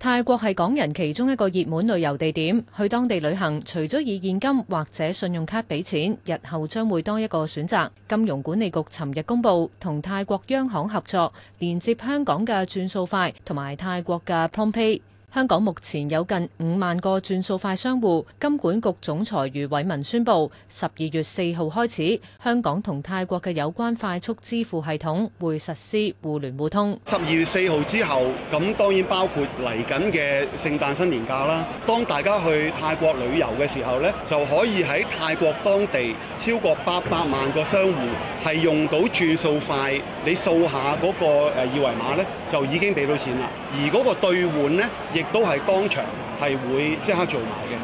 泰國係港人其中一個熱門旅遊地點，去當地旅行除咗以現金或者信用卡俾錢，日後將會多一個選擇。金融管理局尋日公布，同泰國央行合作，連接香港嘅轉數快同埋泰國嘅 PromptPay。香港目前有近五萬個轉數快商戶，金管局總裁余偉文宣布，十二月四號開始，香港同泰國嘅有關快速支付系統會實施互聯互通。十二月四號之後，咁當然包括嚟緊嘅聖誕新年假啦。當大家去泰國旅遊嘅時候咧，就可以喺泰國當地超過八百萬個商戶係用到轉數快，你掃下嗰個誒二維碼咧，就已經俾到錢啦。而嗰個兌換咧，月4月4亦都係當場係會即刻做埋嘅。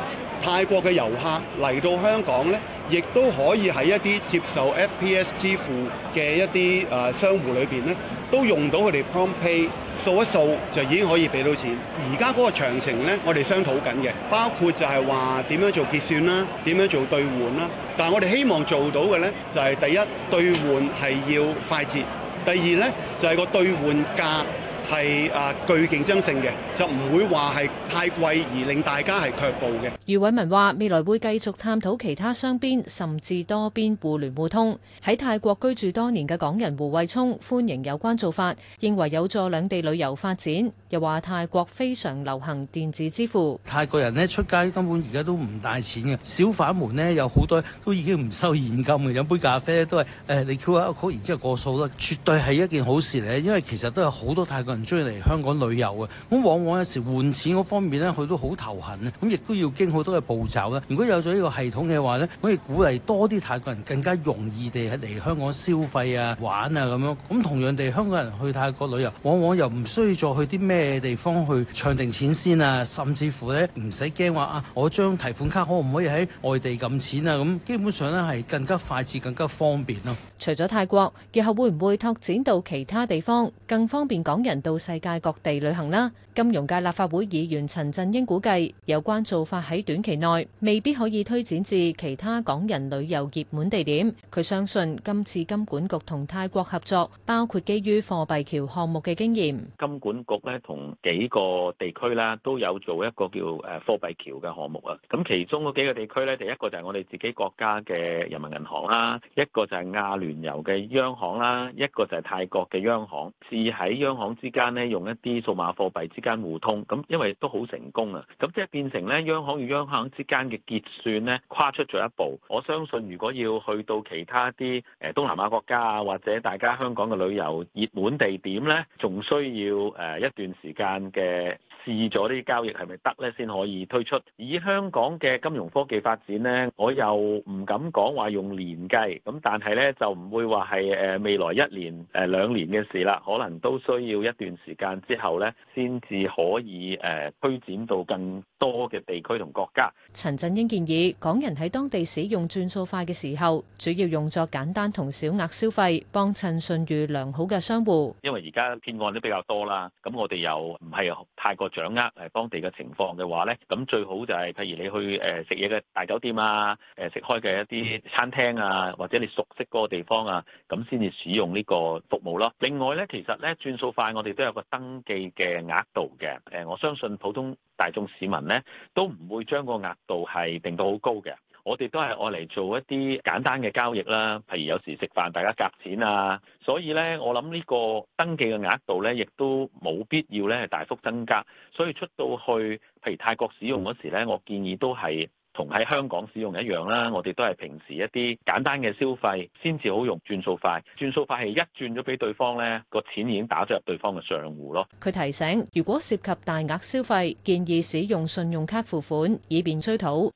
泰國嘅遊客嚟到香港呢，亦都可以喺一啲接受 FPS 支付嘅一啲誒商戶裏邊呢，都用到佢哋 PromptPay 掃一掃就已經可以俾到錢。而家嗰個詳情呢，我哋商討緊嘅，包括就係話點樣做結算啦，點樣做兌換啦。但係我哋希望做到嘅呢，就係、是、第一兌換係要快捷，第二呢，就係、是、個兌換價。係啊，具競爭性嘅，就唔會話係太貴而令大家係卻步嘅。余偉文話：未來會繼續探討其他雙邊甚至多邊互聯互通。喺泰國居住多年嘅港人胡惠聰歡迎有關做法，認為有助兩地旅遊發展。又話泰國非常流行電子支付，泰國人呢，出街根本而家都唔帶錢嘅，小販們呢，有好多都已經唔收現金嘅，飲杯咖啡都係誒、呃、你扣一扣，然之後過數啦，絕對係一件好事嚟，因為其實都有好多泰國。唔中意嚟香港旅遊啊。咁往往有時換錢嗰方面咧，佢都好頭痕啊！咁亦都要經好多嘅步驟咧。如果有咗呢個系統嘅話咧，可以鼓勵多啲泰國人更加容易地嚟香港消費啊、玩啊咁樣。咁同樣地，香港人去泰國旅遊，往往又唔需要再去啲咩地方去唱定錢先啊，甚至乎咧唔使驚話啊，我張提款卡可唔可以喺外地撳錢啊？咁基本上咧係更加快捷、更加方便咯。除咗泰國，以後會唔會拓展到其他地方，更方便港人？到世界各地旅行啦。金融界立法會議員陳振英估計，有關做法喺短期內未必可以推展至其他港人旅遊熱門地點。佢相信今次金管局同泰國合作，包括基於貨幣橋項目嘅經驗。金管局咧同幾個地區啦都有做一個叫誒貨幣橋嘅項目啊。咁其中嗰幾個地區咧，第一個就係我哋自己國家嘅人民銀行啦，一個就係阿聯酋嘅央行啦，一個就係泰國嘅央行。至喺央行之間咧用一啲數碼貨幣之間互通，咁因為都好成功啊！咁即係變成咧央行與央行之間嘅結算咧跨出咗一步。我相信如果要去到其他啲誒東南亞國家啊，或者大家香港嘅旅遊熱門地點咧，仲需要誒一段時間嘅試咗呢啲交易係咪得咧，先可，可以推出。以香港嘅金融科技發展咧，我又唔敢講話用年計，咁但係咧就唔會話係誒未來一年、誒兩年嘅事啦，可能都需要一段。段時間之後咧，先至可以誒推展到更多嘅地區同國家。陳振英建議港人喺當地使用轉數快嘅時候，主要用作簡單同小額消費，幫襯信譽良好嘅商戶。因為而家騙案都比較多啦，咁我哋又唔係太過掌握係當地嘅情況嘅話咧，咁最好就係譬如你去誒食嘢嘅大酒店啊，誒食開嘅一啲餐廳啊，或者你熟悉嗰個地方啊，咁先至使用呢個服務咯。另外咧，其實咧轉數快我哋。都有個登記嘅額度嘅，誒，我相信普通大眾市民呢都唔會將個額度係定到好高嘅，我哋都係愛嚟做一啲簡單嘅交易啦，譬如有時食飯大家夾錢啊，所以呢，我諗呢個登記嘅額度呢亦都冇必要呢係大幅增加，所以出到去，譬如泰國使用嗰時呢，我建議都係。同喺香港使用一樣啦，我哋都係平時一啲簡單嘅消費先至好用轉數快，轉數快係一轉咗俾對方呢個錢已經打咗入對方嘅賬戶咯。佢提醒，如果涉及大額消費，建議使用信用卡付款，以便追討。